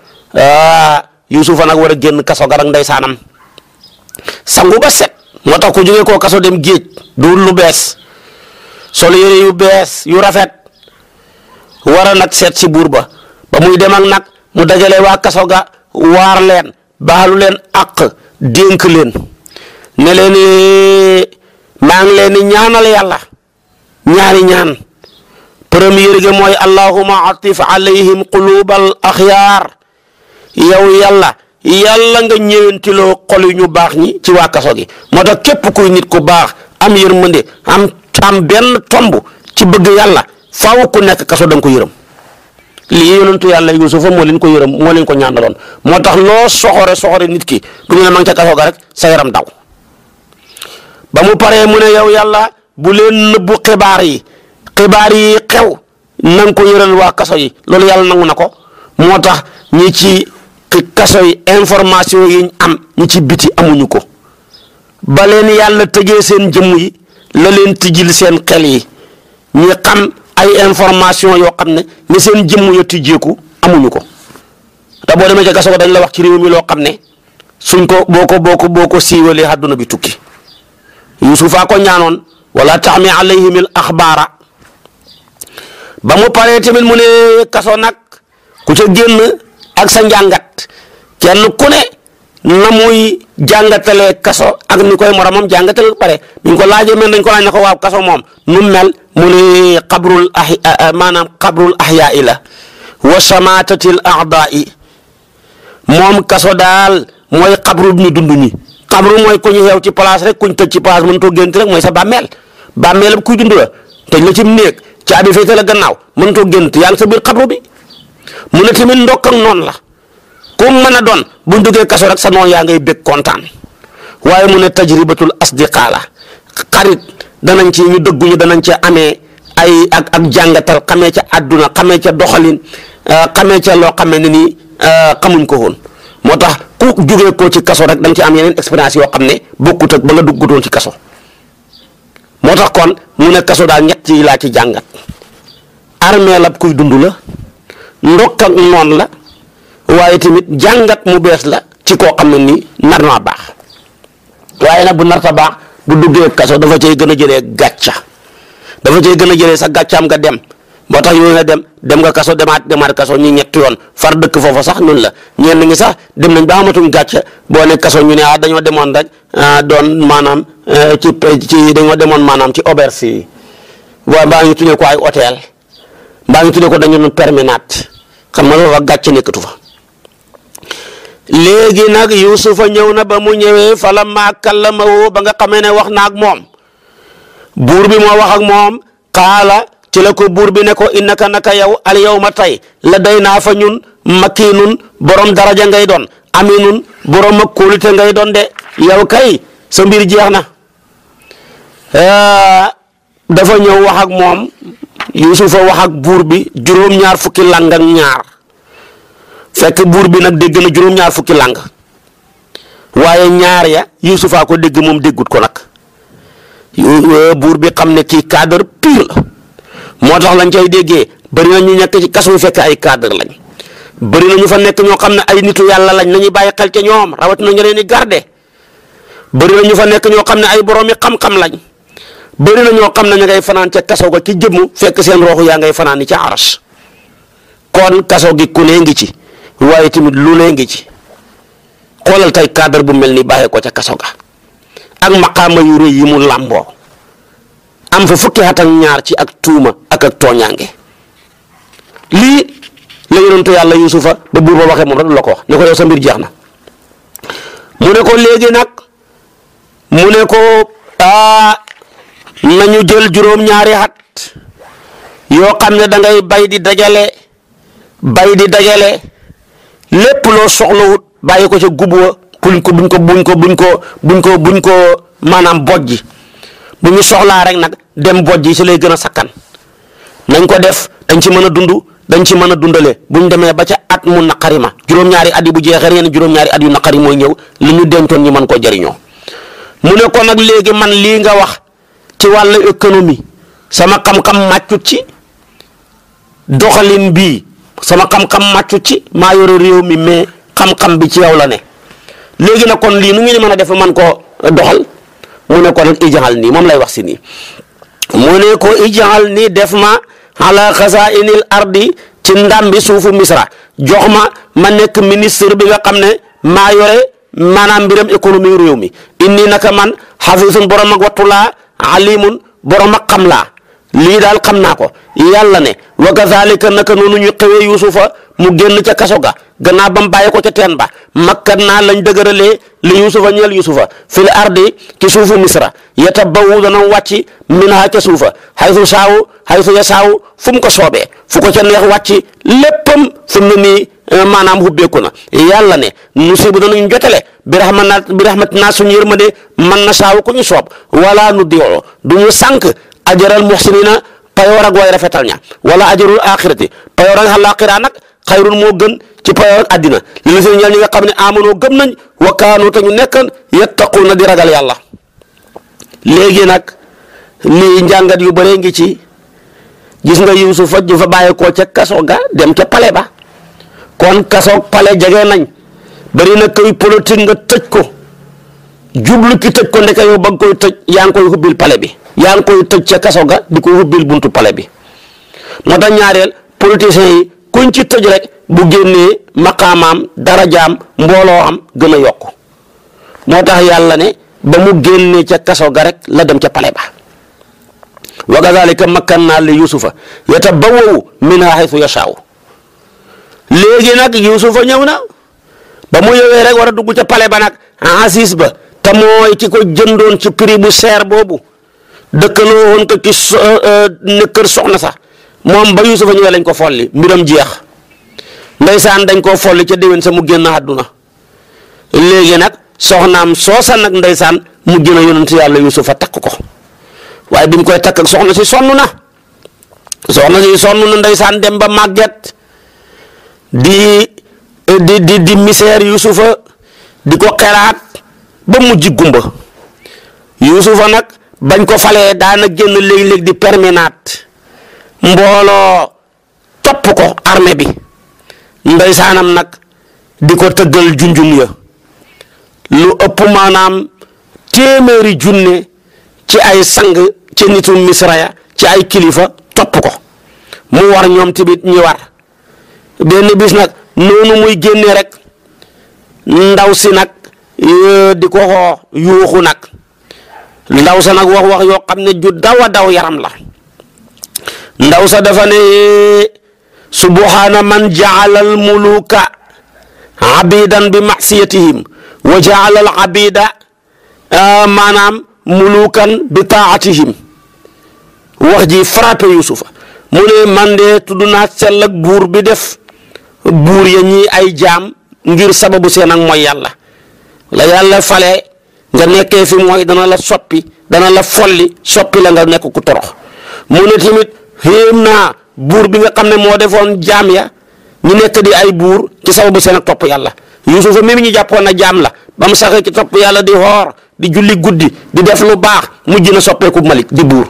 Yuusufa nag war a génn kaso garak ndey saanam sangu ba set moo tax ku jógee koo kaso dem géej duul lu bees sol yére yu bees yu rafet wara a nag seet si buur ba ba muy dem ak nag mu dajale waa kaso ga waar leen baalu leen àq dénk leen ne leen maa ngi leen di ñaari ñaan premier gi mooy allahuma atif alayhim qulubal axyaar yow yàlla yàlla nga ñëwantiloo xol yu ñu baax ñi ci waa kaso gi moo tax képp kuy nit ku baax am yërmande am am benn tomb ci bëgg yàlla faaw ku nekk kaso da ko yërëm lii yonentu yàlla yusufa moo leen ko yërëm moo leen ko ñaanaloon moo tax loo soxore soxore nit ki du ñu ne ma nga kaso ga rek sa yaram daw ba mu paree mu ne yow yàlla bu leen nëbbu xibaar yi xibaar yi xew na ko yëral waa kaso yi loolu yàlla nangu na ko moo tax ñi ci ci kaso yi information yiñ am ñi ci biti amuñu ko ba leen yàlla tëjee seen jëmm yi la leen tijjil seen xel yi ñi xam ay information yoo xam ne ni seen jëmm ya tijjeeku amuñu ko te boo demee ca kaso ko dañ la wax ci réew mi loo xam ne suñ ko boo ko boko ko boo ko siiwalee bi tukki yusufa ko ñaanoon wala taxmi alayhim al axbaara ba mu paree tamit mu ne kaso nag ku ca génn ak sa njàngat kenn ku ne na muy jàngatalee kaso ak ni koy moromam mom pare ñu ko ko laaj na ko waaw kaso moom nu mel mu ne xabrul ah maanaam xabrul ahyaai wa samaatatil aadaai moom kaso daal mooy xabru ñu dund ñi xabru mooy ku ñu ci place rek kuñ tëj ci place mën too gént rek mooy sa bàmmeel bàmmeelam kuy dund la tëj la ci néeg ci abi féete la gannaaw mën too gént yaa ngi sa biir xabru bi mu ne tamit ndokk ak noonu la ku mën a doon bu duggee kaso rek sa noon yaa ngay bég kontaan waaye mu ne tajribatul asdiqaa la xarit danañ ci ñu dëgguñu danañ ci amee ay ak ak jàngatal xamee ca àdduna xamee ca doxalin euh, xamee ca loo xamee ne nii euh, xamuñ ko woon moo tax ku jógee koo ci kaso rek da ci am yeneen expérience yoo xam ne bokkut ak ba nga duggutoon ci kaso moo tax kon mu ne kaso daal ñett yi laa ci jàngat armée la kuy dund la ndokk ak noon la waaye tamit jàngat mu bees la ci koo xam ne nii nar naa baax waaye nag bu narta baax bu duggee kaso dafa cay gën a jëlee gàcca dafa cay gën a jëlee sax gàccaam nga dem moo tax ñu ne dem dem nga kaso demaat demaat kaso ñu ñett yoon far dëkk foofa sax noonu la ñenn ñi sax dem nañ ba amatuñ gàcce boo ne kaso ñu ne ah dañoo demoon rek ah, doon maanaam eh, ci ci dañoo demoon maanaam ci auberge yi waaye baa ngi tuñe ko ay hôtel mbaa ñu tuddee ko dañu nu permanente xam nga loolu wax gàcce nekkatu fa léegi nag yusufa ñëw na ba mu ñëwee fala maa kallamahu ba nga xamee ne wax naag moom buur bi moo wax ak moom xaala ci la ko buur bi ne ko innaka naka yow al yow ma tey la day naa fa ñun makiinun borom daraja ngay doon aminun borom ak kóolute ngay doon de yow kay sa mbir jeex na dafa ñëw wax moom yuusufa wax ak buur bi juróom-ñaar fukki lang ak ñaar fekk buur bi nag dégg na juróom-ñaar fukki làng waaye ñaar ya yuusufaa ko dégg moom déggut ko nag buur bi xam ne kii cadre pire la moo tax lañ cay déggee bëri na ñu nekk ci kasu fekk ay cadre lañ bëri ñu fa nekk ñoo xam ne ay nitu yàlla lañ nañuy bàyyi xel ca ñoom rawatina ñu leen di garde bari na ñu fa nekk ñoo xam ne ay boromi xam-xam lañ bëri na ñoo xam na ñu ngay fanaan ca kaso ga ci jëmm fekk seen rooxu yaa ngay fanaan ni ca aras kon kaso gi ku nee ngi ci waaye tamit lu nee ngi ci xoolal tay cadre bu mel ni bàyyee ko ca kaso ga ak maqaama yu rëy yi mu làmboo am fa fukki at ak ñaar ci ak tuuma ak ak tooñaange lii la yonentu yàlla yusufa ba buur ba waxee moom rek la ko wax ne sa mbir jeex na mu ne ko léegi nag mu ne ko nañu jël juróom-ñaari at yoo xam ne dangay bay di dajale bay di dajale lépp loo soxlawut bàyyi ko ca gubwa buñ ko buñ ko buñ ko buñ ko buñ ko buñ ko maanaam bojji bu ñu soxlaa rek nag dem bojji si lay gën a sakkan nañ ko def dañ ci mën a dund dañ ci mën a dundale buñ demee ba ca at mu naqari ma juróom-ñaari at yi bu jeexee reen juróom at yu naqari mooy ñëw li ñu dencoon ñu mën koo jariñoo mu ne ko nag léegi man lii nga wax. ci wàllu économie sama xam-xam màccut ci doxalin bii sama xam-xam màccut ci maa yore réew mi mais xam bi ci yow la ne léegi nag kon lii nu ngeen mën a def man ko doxal mu ne ko nag ijaxal nii moom lay wax si nii mu ne ko ijaxal nii ardi ci ndàmbi suufu misra jox ma ma nekk ministre bi nga xam ne maa yore maanaam mbiram économie réew mi inni naka man xafisun borom ak wattu laa alimun borom ak xam laa lii daal xam naa ko yàlla ne wa kazalika naka noonu ñu xewee yusufa mu génn ca kaso ga gannaaw ba mu bàyyi ko ca teen ba makkat naa lañ dëgëralee li yusufa ñeel yusufa fil ardi ci suufu misra yata bawu dana wàcci minaa ca suufa xaysu saawu xaysu ya saawu fu mu ko soobee fu ko ca neex wàcci léppam fu mu Euh, maanaam xubbeeku na yàlla ne nusibu danañ jotale bi rahmat bi rahmat naa suñu yërmande man na saawu ku ñu soob wala nu diwoo du ñu sànq ajaral muxsinina payoor ak way rafetal ña wala ajarul axirati payoor ak àllaaxira nag xayrun moo gën ci payoor ak àddina li la seen ñi nga xam ne amanoo gëm nañ wa kaanoo te ñu nekkan na di ragal yàlla léegi nag lii njàngat yu bëree ngi ci gis nga Yuusufa ñu fa bàyyeekoo ca kaso ga dem ca pale ba kon kasoog pale jege nañ bari na kuy politique nga tëj ko jublu ci tëj ko ndeke yow ba nga koy tëj yaa ngi koy hubbil pale bi yaa ngi koy tëj ca kaso ga di ko hubbil buntu pale bi moo tax ñaareel politiciens yi kuñ ci tëj rek bu génnee maqaamaam darajaam mbooloo am gën a yokk moo tax yàlla ne ba mu génnee ca kaso ga rek la dem ca pale ba wa kazalika makkan naa li yusufa yata ba wowu min haythu yashaaw léegi nag Yuusufa ñëw na ba mu ñëwee rek war a dugg ca pale ba nag siis ba te mooy ki ko jëndoon ci prix bu cher boobu dëkkaloo woon ko ci so euh, euh, ne kër soxna sax moom ba Yuusufa ñëwee lañ ko folli mbiram jeex ndeysaan dañ koo folli ca déwén sa mu génn àdduna léegi nag soxnaam soosa nag ndeysaan mu gën a yonent yàlla Yuusufa takk ko waaye bi koy takk ak soxna si sonn na soxna si sonn na ndeysaan dem ba màgget. di di di di misère di ko xelaat ba mujj gumba yusufa nag bañ ko falee daana génn léeg-léeg di perminaat mbooloo topp ko armée bi ndeysaanam nag di ko tëggal junjum ya lu ëpp maanaam téeméeri junne ci ay sang ci nitu misra ya ci ay kilifa topp ko mu war ñoom tamit ñi war benn bis nag noonu muy génne rek ndaw si nag euh, di ko yuuxu nag ndaw sa nag wax wax yoo am ne ju daw a daw yaram la ndaw sa dafa ne subhaana man jaala al muluka abidan bi masiyatihim wa jaala al euh, maanaam mulukan bi taatihim wax ji frappé yusufa mu ne man de tudd naa buur bi def buur ya ñii ay jaam ngir sababu seen ak mooy yàlla la yàlla fale nga nekkee fi mooy dana la soppi dana la folli soppi la nga nekk ku torox mu ne tamit xéem naa buur bi nga xam ne moo defoon jaam ya ñu nekk di ay buur ci sababu seen ak topp yàlla yuusufa mi ñu jàppoon na jaam la ba mu saxee ci topp yàlla di xoor di julli guddi di def lu baax mu ji na soppeeku malik di buur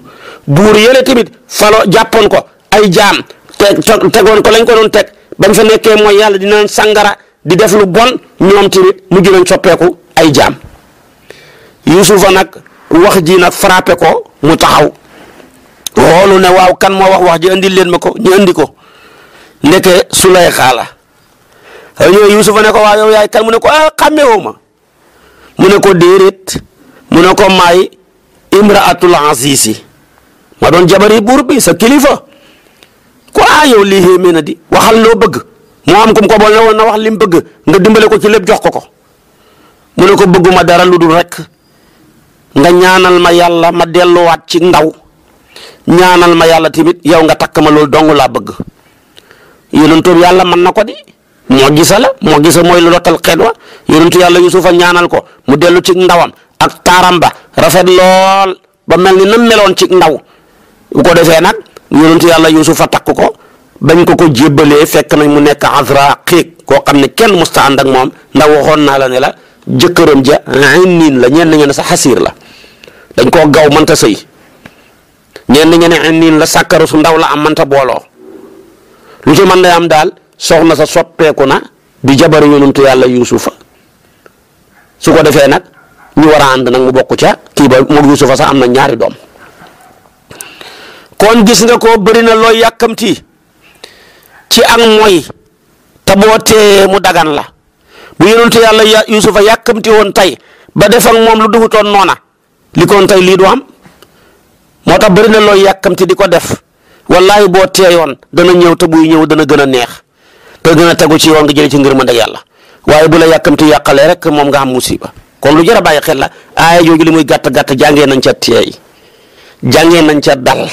buur yële tamit falo jàppoon ko ay jaam te tegoon ko lañ ko doon teg bañ fa nekkee mooy yàlla dinañ sàngara di def lu bon ñoom tamit mujj nañ soppeeku ay jaam yusufa nag wax ji nag frappé ko mu taxaw xoolu ne waaw kan moo wax wax ji andil leen ma ko ñu andi ko ndeke Suleyxa la ñëw yusufa ne ko waaw yow yaay kan mu ne ko ah xàmmewoo mu ne ko déeréet mu ne ko maay imraatul azizi ma doon jabari buur bi sa kilifa ku ah yow lii xéemee na di waxal loo bëgg moo am kum ko boole woon na wax li mu bëgg nga dimbale ko ci lépp jox ko ko mu ne ko bëgguma dara lu dul rek nga ñaanal ma yàlla ma delluwaat ci ndaw ñaanal ma yàlla tamit yow nga takk ma loolu dong laa bëgg yonentu yàlla mën na ko di moo gisa la moo gisa mooy lu lottal xeet wa yonentu yàlla yusufa ñaanal ko mu dellu ci ndawam ak taaramba rafet lool ba mel ni na meloon ci ndaw bu ko defee nag yonentu yàlla yusufa takk ko dañ ko ko jébbalee fekk nañ mu nekk azra xiig koo xam ne kenn musta ànd ak moom ndax waxoon naa la ne la jëkkëram ja inin la ñeen ñe ne sa xasiir la dañ koo gaw mënta sëy ñeen ñe ne inin la sàkkara su ndaw la am mënta booloo lu ci mën day am daal soxna sa soppeeku na di jabar yonentu yàlla yusufa su ko defee nag ñu war a nag mu bokk ca kii ba moog yusufa sax am na ñaari doom kon gis nga ko bëri na looy yàkkamti ci ak mooy te boo teeyee mu dagan la bu yonentu yàlla yusufa yàkkamti woon tey ba def ak moom lu dugutoon noona li koon tey lii du am moo tax bëri na looy yàkkamti di ko def wallahi boo yoon dana ñëw te buy ñëw dana gën a neex te gën a tegu ci woon nga jële ci ngër ma ndeg yàlla waaye bu la yàkkamti yàqalee rek moom nga am musiba kon lu jar a bàyyi xel la aaya jooju li muy gàtt gàtt jàngee nañ ca teey jàngee nañ ca dal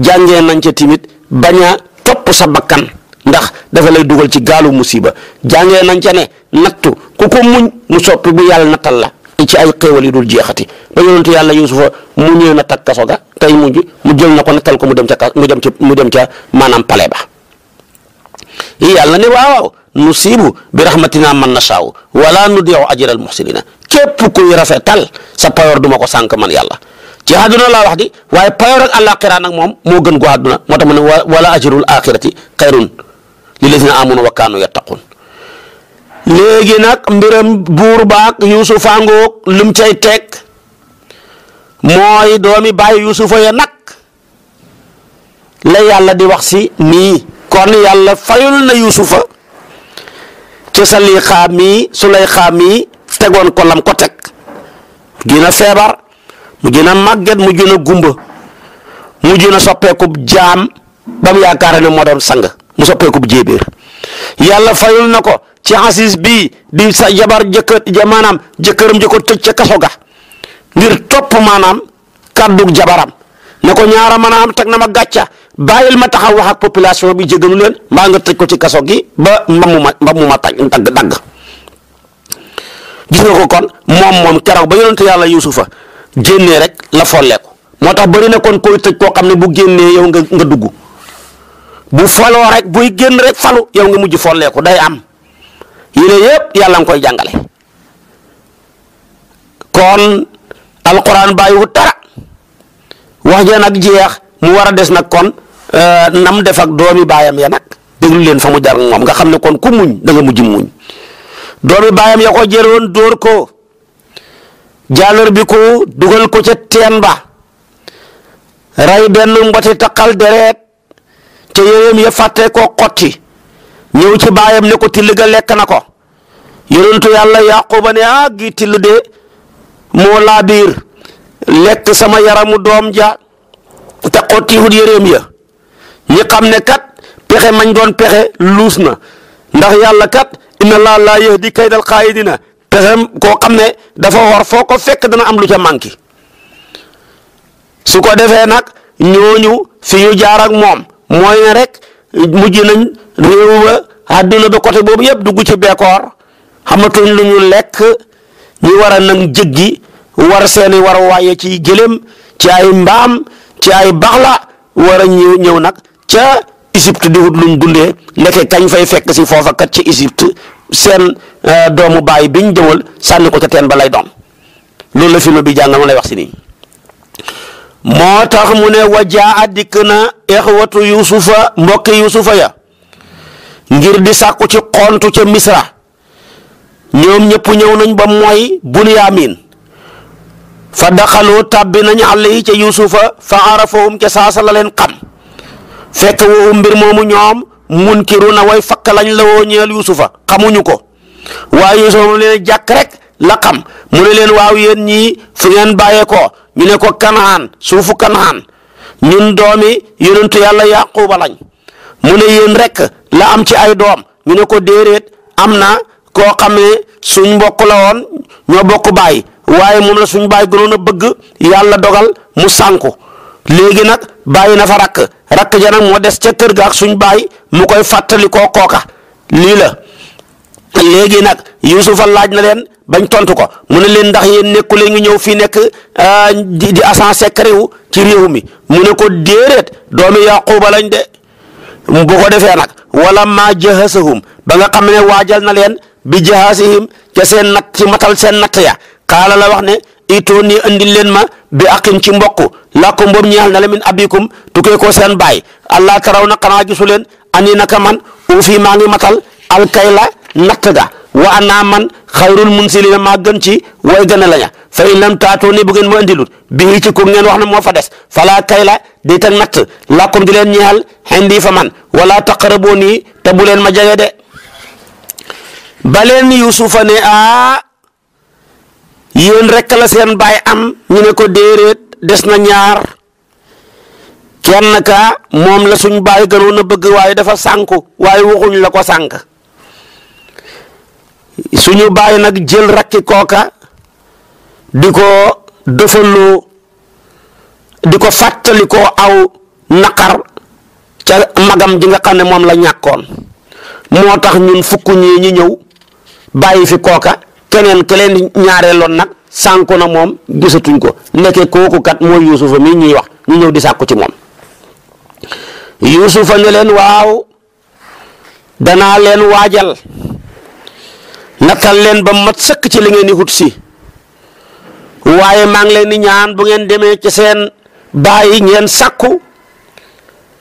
jàngee nañ ca timit bañ a topp sa bakkan ndax dafa lay dugal ci gaalu musiba jàngee nañ ca ne nattu ku ko muñ mu soppi bu yàlla nattal la ci ay xéewal yi dul jeexati ba yonentu yàlla yusufa mu ñëw na takk kaso ga mujj mu jël na ko nattal ko mu dem ca ka mu dem ca mu dem ca maanaam pale ba yàlla ne waawaaw nu siibu bi rahmatina man na saaw wala nu deew ajral muhsinina képp kuy rafetal sa payoor duma ko sànk man yàlla ci àdduna laa wax di waaye payoor ak àllaaxira nag moom moo gën gu àdduna moo tax mu ne wala ajrul aaxirati xayrun lillaziina aamanu wa kaanu yattaquun léegi nag mbiram buur baak yuusufa ngoog lum cay teg mooy doomi bàyyi yuusufa ya nag la yàlla di wax si nii kon yàlla fayul na yuusufa ci sa sulay xaam mii tegoon ko lam ko teg gina feebar mu gën a màgget mu gën a gumba mu gën a soppeekub jaam ba mu yaakaar ne moo doon sang mu soppeekub jéebéer yàlla fayul na ko ci asis bii di sa jabar jëkkër maanaam jëkkëram jëkko tëj ca kaso ga ngir topp maanaam kàddug jabaram ne ko ñaara maanaam teg na ma gàcca bàyyil ma taxaw a ak population bi jégalu leen mbaa nga tëj ko ci kaso gi ba mbamu ma mbamu ma dagg dagg gis nga ko kon moom moom keroog ba yonente yàlla yusufa génnee rek la folleeku moo tax bëri na kon koy tëj koo xam ne bu génnee yow nga nga dugg bu faloo rek buy génn rek falu yow nga mujj folleeku day am yile yëpp yàlla nga koy jàngale kon alquran bàyyiwut dara wax ja nag jeex mu war a des nag kon euh, nam def ak doomi baayam ya nag déglu leen fa mu jar moom nga xam ne kon ku muñ da nga mujj muñ doomi baayam ya ko jëroon dóor ko jaalor bi ko dugal ko ca teen ba ray benn mboti taqal deret ca yooyam ya fàtte koo xotti ñëw ci baayam ne ko till ga lekk na ko yonentu yàlla yaquba ne ah gi till de moo laa biir lekk sama yaramu doom ja te xotti hut yëreem ya ñi xam ne kat pexe mañ doon pexe luus na ndax yàlla kat inna laa laa yahdi kaydal xaayidina pexem koo xam ne dafa war foo ko fekk dana am lu ci manqué su ko defee nag ñooñu fi ñu jaar ak moom mooy rek mujj nañ réew ba ba côté boobu yëpp dugg ci bekkoor xamatuñ lu ñu lekk ñu war a nag jéggi war seeni war waaye ci gëlëm ci ay mbaam ci ay baxla war a ñëw ñëw nag ca Égypte di wut lum dundee ndeke kañ fay fekk si foofa kat ci Égypte seen euh, doomu baay biñ jëwal sànni ko ca teen ba lay doon loolu la film bi jàngal ma lay wax si nii moo tax mu ne wajaa dikk na exwatu yusufa mbokki yusufa ya ngir di sàkku ci xontu ca misra ñoom ñëpp ñëw nañ ba mooy bunyamin fa daxaloo tàbbi nañ àll yi ca yusufa fa arafahum ca saasa la leen xam fekk woowu mbir moomu ñoom munkiruna woy fakk lañ la woo ñeel yusufa xamuñu ko waaye yusufa mu leen jàkk rek la xam mu ne leen waaw yéen ñii fu ngeen bàyyee ko ñu ne ko kanaan suufu kanaan ñun doomi yonentu yàlla yaquba lañ mu ne yéen rek la am ci ay doom ñu ne ko déeréet am na koo xam ne suñ mbokk la woon ñoo bokk baay waaye moom la suñ baay gënoon a bëgg yàlla dogal mu sànku léegi nag bàyyi na fa rakk rakk ja moo des ca kër ga ak suñ baay mu koy fàttali koo kooka lii la léegi nag Yuusufa laaj na leen bañ tontu ko mu ne leen ndax yéen nekku leen ngi ñëw fii nekk euh, di di agent secret ci réew mi mu ne ko déedéet doomi Yaquuba lañ de bu ko defee nag wala maa jahasahum ba nga xam ne waajal na leen bi jahasihim ca seen natt ci matal seen natt ya xaala la wax ne itoo nii andil leen ma bi aqin ci mbokk làkkum boobu ñeexal na la min abikum tukkee ko seen baay allah taraw na xanaa gisu leen ani naka man u fii maa ngi matal alkayla natt ga wa ana man xayrul munsilina maa gën ci way gën a laña fa in lam taatoo ni bu ngeen ma indilut bii ci ko ngeen wax ne moo fa des fala kayla di teg natt làkkum di leen ñeexal xindi fa man wala taqaraboo ni te bu leen ma jege de baleen yusufa ne a yéen rekk la seen baay am ñu ne ko déeréet des na ñaar kenn ka moom la suñ baay gënoon a bëgg waaye dafa sànku waaye waxuñ la ko sànk suñu baay nag jël rakki kooka di ko dëfaloo di ko fàttali aw naqar ca magam ji nga xam ne moom la ñàkkoon moo tax ñun fukk ñii ñi ñëw bàyyi fi kooka keneen ke leen loon nag sànko na moom gisatuñ ko nekke kooku kat mooy yuusufa mii ñuy wax ñu ñëw di sàkku ci moom yuusufa ne leen waaw danaa leen waajal nattal leen ba mat sëkk ci li ngeen di si waaye maa ngi leen di ñaan bu ngeen demee ci seen bàyyi ngeen sàkku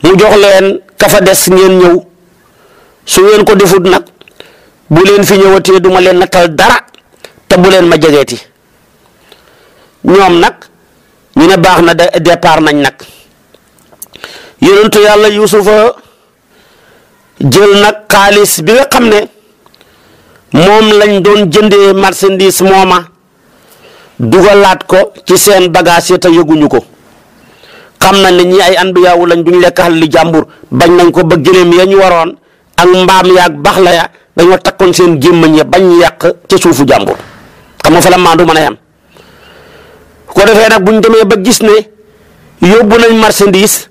mu jox leen kafa des ngeen ñëw su ngeen ko defut nag bu leen fi ñëwatee duma leen nattal dara te bu leen ma jegeeti ñoom nag ñu ne baax na départ nañ nag yonentu yàlla yuusufa jël nag xaalis bi nga xam ne moom lañ doon jëndee marchandise mooma dugalaat ko ci seen bagage yi te ko xam nañ ne ñi ay anbiyaawu lañ duñ lekk xal li jàmbur bañ nañ ko ba gëléem ya ñu waroon ak mbaam yaag baxla ya dañoo takkoon seen gémmañ ya bañ yàq ca suufu jàmbur xam nga fa la maandu mën a yam ko defee nag bu ñu demee ba gis ne yóbbu nañ marchandise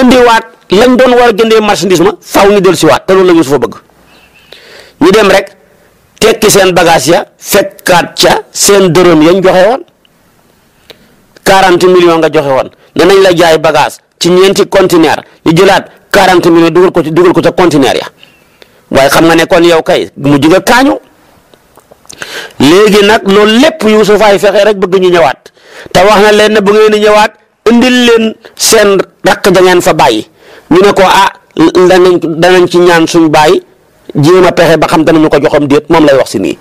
indiwaat lañ doon war a jëndee marchandise ma faaw ñu dellusiwaat te loolu la ñu bëgg ñu dem rek tekki seen bagage ya fekkaat ca seen dërëm yañ joxe woon 40 millions nga joxe woon ne nañ la jaay bagaas ci ñeenti conteneur ñu jëlaat 40 millions dugal ko ci dugal ko ca conteneur ya waaye xam nga ne kon yow kay mujj nga kaañu. léegi nag loolu lépp Yuusuf ay fexe rek bëgg ñu ñëwaat te wax na leen ne bu ngeen di ñëwaat indil leen seen rakk da ngeen fa bàyyi ñu ne ko ah danañ danañ ci ñaan suñ bàyyi jéem a pexe ba xam danañu ko joxam déet moom lay wax si nii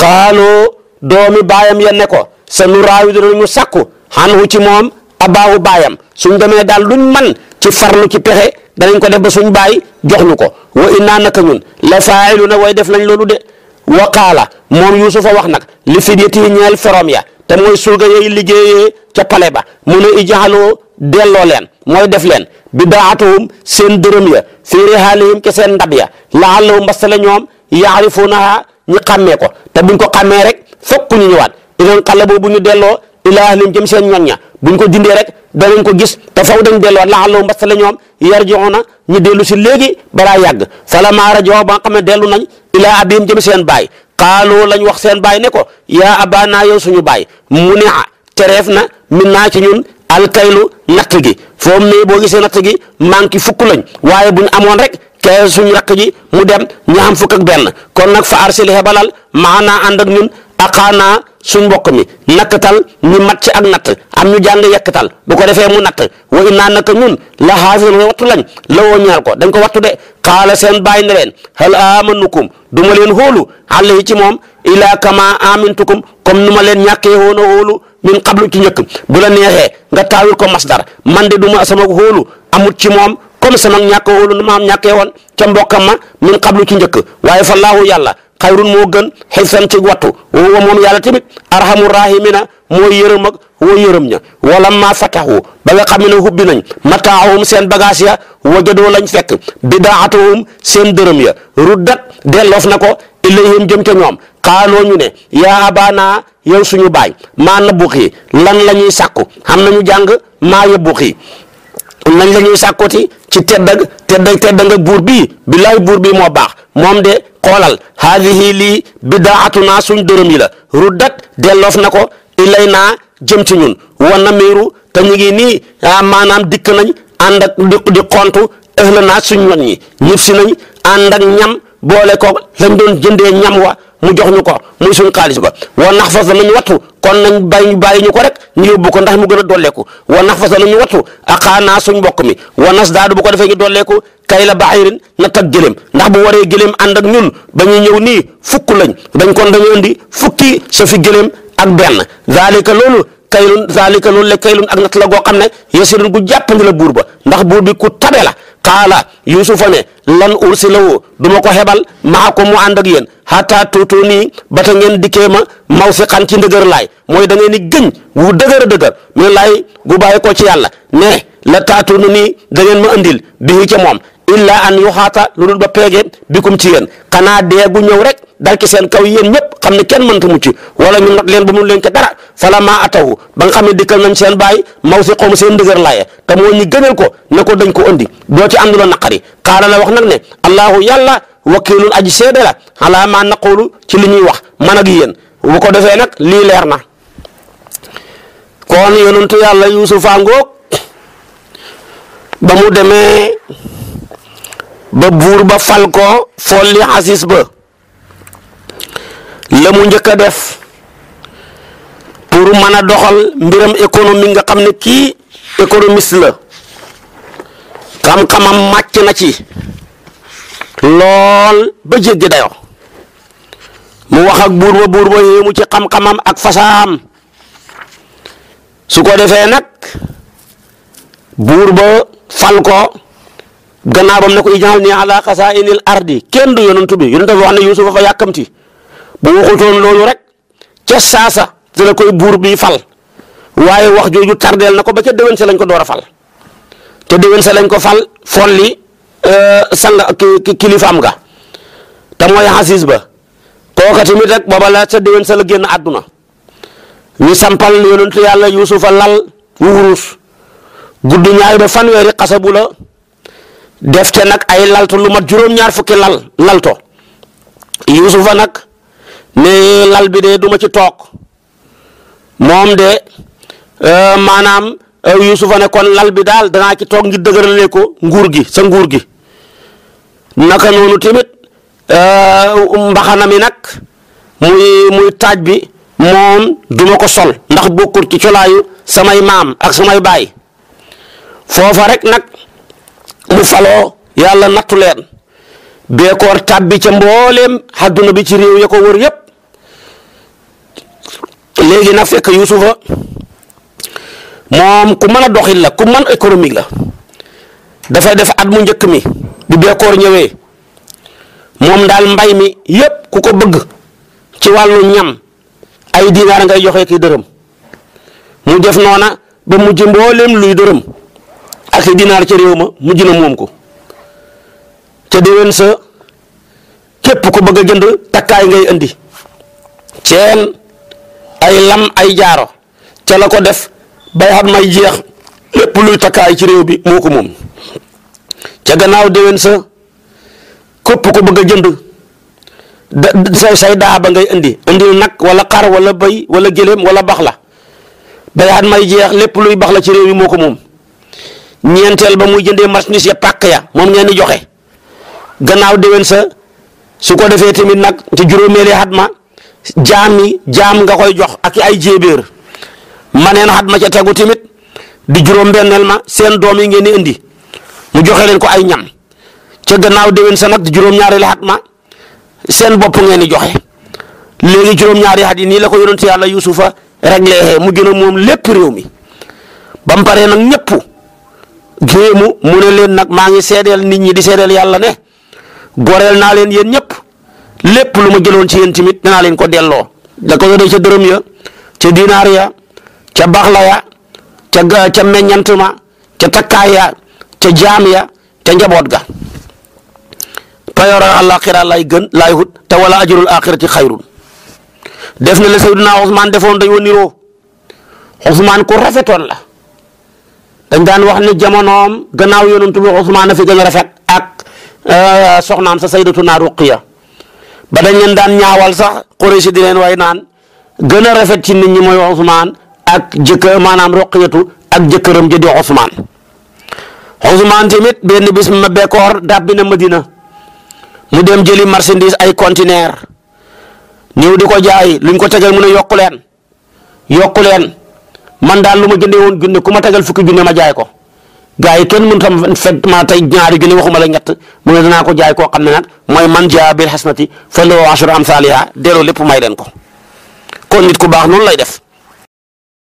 xaaloo doomi baayam ya ne ko sa nu raawi dina ñu sàkku xanhu ci moom abaawu baayam suñ demee daal luñ man ci farlu ci pexe danañ ko def ba suñ bàyyi jox ñu ko wa innaa naka ñun la faa'iluuna way def lañ loolu de waqaala moom yuusufa wax nag li fidyati ñeel ferom ya te mooy surga yooyu liggéeyee ca pale ba mu ne ijaxaloo delloo leen mooy def leen bidaatuhum seen dërëm ya fii rihalihim ke seen ndab ya laallahum mbastale ñoom yaarifunaha ñi xàmmee ko te buñ ko xàmmee rek fokk ñu ñëwaat idan xale boobu ñu delloo ilaa ahlim jëm seen ñoñ ña buñ ko dindee rek danañ ko gis te faw dañ delloo laallahum mbastale ñoom yarjiuna ñu dellu si léegi balaa yàgg falammaa rajoo ba nga dellu nañ ilaa abihim jëm seen baay xaaloo lañ wax seen baay ne ko yaa abaanaa yow suñu baay mu ne ah tereef na min naa ci ñun alkaylu natt gi foo mee boo gisee natt gi manqué fukk lañ waaye buñ amoon rek kee suñu rakk mu dem ñu fukk ak benn kon nag fa arsili hebalal maanaa ànd ak ñun aqaanaa suñ mbokk mi nakkatal ñu mat ci ak natt am ñu jàng yekkatal bu ko defee mu natt wa innaa naka ñun la xaafisun a wattu lañ la woo ñaar ko dañ ko wattu de xaala seen bàyyi ne leen hal amanukum du ma leen xóolu alayhi ci moom ilaa kama amintukum comme nu ma leen ñàkkee woon a xóolu min qablu ci njëkk bu la neexee nga taawil ko masdar man de du ma sama xóolu amut ci moom comme sama ñàkk a wóolu nu ma am ñàkkee woon ca mbokkam ma min qablu ci njëkk waaye fa laahu yàlla xayrun moo gën xisan ci wattu wa moom yàlla tamit arhamu rahimina mooy yërëm ak wa yërëm ña wala maa fatahu ba nga xam ne hubbi nañ mataahum seen bagage ya wajadoo lañ fekk bidaatuhum seen dërëm ya ruddat delloof na ko ilayhim jëm ca ñoom xaaloo ñu ne yaa abaana yow suñu baay maa nabbuqi lan la ñuy sàkku xam nañu jàng maa yabbuqi nañ la ñuy sàkkoti ci tedd ak tedd ak tedd nga buur bii billaay buur moo baax moom de xoolal haadihi lii bidaatunaa suñ dërëm yi la ruddat delloof na ko ilay naa jëm ci ñun wa namiru te ñu nii ah maanaam dikk nañ ànd di kontu xontu naa suñ ñoñ ñi ñëpp si nañ ànd ñam boole ko lañ doon jëndee ñam wa mu jox ñu ko muy suñ xaalis ba wa nax fas nañu wattu kon nañ bàyyi ñu bàyyi ñu ko rek ñu yóbbu ko ndax mu gën a dolleeku wa nax fas nañu wattu axaanaa suñ mbokk mi wa nas daadu bu ko defee ñu dolleeku kay la baxirin na tag gëléem ndax bu waree gëléem ànd ak ñun ba ñuy ñëw nii fukk lañ dañ kon dañu indi fukki sa fi ak benn zaalika loolu kaylun zaalika loolu le kaylun ak natt la goo xam ne yasirun gu jàppandi la buur ba ndax buur bi ku tabe la qaala yusufa ne lan la du ma ko xebal maa ko mu ànd ak yéen hatta tuutu nii ba ta ngeen dikkee ma mawsiqan ci ndëgër laay mooy da ngeen ni gëñ wu dëgër dëgër min laay gu bàyyi ko ci yàlla ne la taatunu nii da ngeen ma andil bi ci moom illa an yuxaata lu dul ba peege bikum ci yéen xanaa dee gu ñëw rek dal ci seen kaw yéen ñëpp xam ne kenn mënta mucc wala ñu not leen ba mun leen ko dara fala maa atawu ba nga xam dikkal nañ seen baay maw si xawma seen ndëgër laaye te moo ñu gënal ko ne ko dañ ko andi doo ci am lu la naqari xaala la wax nag ne allahu yàlla wakiilun aji seede la ala maa naqulu ci li ñuy wax man ak yéen bu ko defee nag lii leer na kon yonentu yàlla yuusufa ngoog ba mu demee ba buur ba fal ko folli xasis ba la mu njëkk a def pour mën a doxal mbiram économie nga xam ne kii économiste la xam-xamam màcc na ci lool ba jéggi dayo mu wax ak buur ba buur ba mu ci xam-xamam ak fasaam su ko defee nag buur ba fal ko gannaaw bam ne ko ijaal ni ala xasaa'inil ardi kenn du yonantu bi yonantu bi wax ne Yuusufa fa yàkkamti bu waxutoon loolu rek ca saasa dana koy buur bi fal waaye wax jooju tardeel na ko ba ca déwén sa lañ ko door a fal te déwén sa lañ ko fal folli euh, sanga ki kilifaam ga te mooy xasis ba kooka tamit rek booba la ca déwén sa la génn àdduna ñu sampal yonentu yàlla yuusufa lal wurus gudd ñaay ba fanweeri xasabu la def nag ay lalto lu mat juróom-ñaar fukki lal lalto yuusufa nag ne lal bi de duma ci toog moom de euh, maanaam euh, Yuusufa ne kon lal bi daal danaa ci toog ngir dëgëralee ko nguur gi sa nguur gi naka noonu tamit euh, mbaxana mi nag muy muy taaj bi moom duma ko sol ndax bokkul ci colaayu samay maam ak samay baay foofa rek nag mu faloo yàlla nattu leen beekoor tàbbi ca mbooleem àdduna bi ci réew ya ko wër yépp léegi nag fekk Yuusufa moom ku mën a doxin la ku mën économique la dafay def at mu njëkk mi bu beekoor ñëwee moom daal mbay mi yépp ku ko bëgg ci wàllu ñam ay dinaar ngay joxe ki dërëm mu def noona ba mujj mbooleem luy dërëm ak i dinaar ca réew ma mujj na moom ko ca déwén sa képp ku bëgg a jënd takkaay ngay indi ceen ay lam ay jaaro ca la ko def bay xam may jeex lépp luy takkaay ci réew bi moo ko moom ca gannaaw déwén sa këpp ko bëgg a jënd say daa ba ngay indi indi nag wala xar wala béy wala gëléem wala bax la bay xam may jeex lépp luy bax la ci réew bi moo ko moom ñeenteel ba muy jëndee marchandise ya pàkk ya moom ngeen di joxe gannaaw déwén sa su ko defee tamit nag ci juróomeeli at ma jaam yi jaam nga koy jox ak ay jéebéer maneen xat ma ca tegu tamit di juróom-benneel ma seen doom yi ngeen indi mu joxe leen ko ay ñam ca gannaaw déwén sa nag di juróom-ñaareelu xat ma seen bopp ngeen di joxe léegi juróom-ñaari xat yi nii la ko yonent yàlla Yuusufa réglé mu gën a moom lépp réew mi ba mu paree nag ñépp géemu mu ne leen nag maa ngi seedeel nit ñi di seedeel yàlla ne goreel naa leen yéen ñëpp. lépp lu ma jëloon ci yéen tamit danaa leen ko delloo da ko yore ca dërëm ya ca dinaar ya ca baxla ya ca ca meññant ma ca takkaay ya ca jaam ya ca njaboot ga payoor àllaaxira lay gën lay hut te wala ajrul aaxirati xayrun def na la Seydina Ousmane defoon dañoo niroo Ousmane ku rafetoon la dañ daan wax ne jamonoom gannaaw yonent bi Ousmane a fi rafet ak euh, soxnaam sa Sayyidatuna Ruqiya ba dañ leen daan ñaawal sax Quraysh di leen way naan gën a rafet ci nit ñi mooy Ousmane ak jëkkër maanaam Roqiyatu ak jëkkëram ja di Ousmane Ousmane tamit benn bis ma bekkoor dàbbi na Madina mu dem jëli marchandise ay conteneur ñëw di ko jaay luñ ko tegal mun ne yokku leen yokku leen man daal lu ma jëndee woon junne ku ma tegal fukki junne ma jaay ko. gaa yi kenn mënut am fekk maa tey ñaari gën a waxuma la ñett mu ne danaa ko jaay koo xam ne nag mooy man jaa bil xasnati fa lahu ashru amsaaliha delloo lépp may leen ko kon nit ku baax noonu lay def.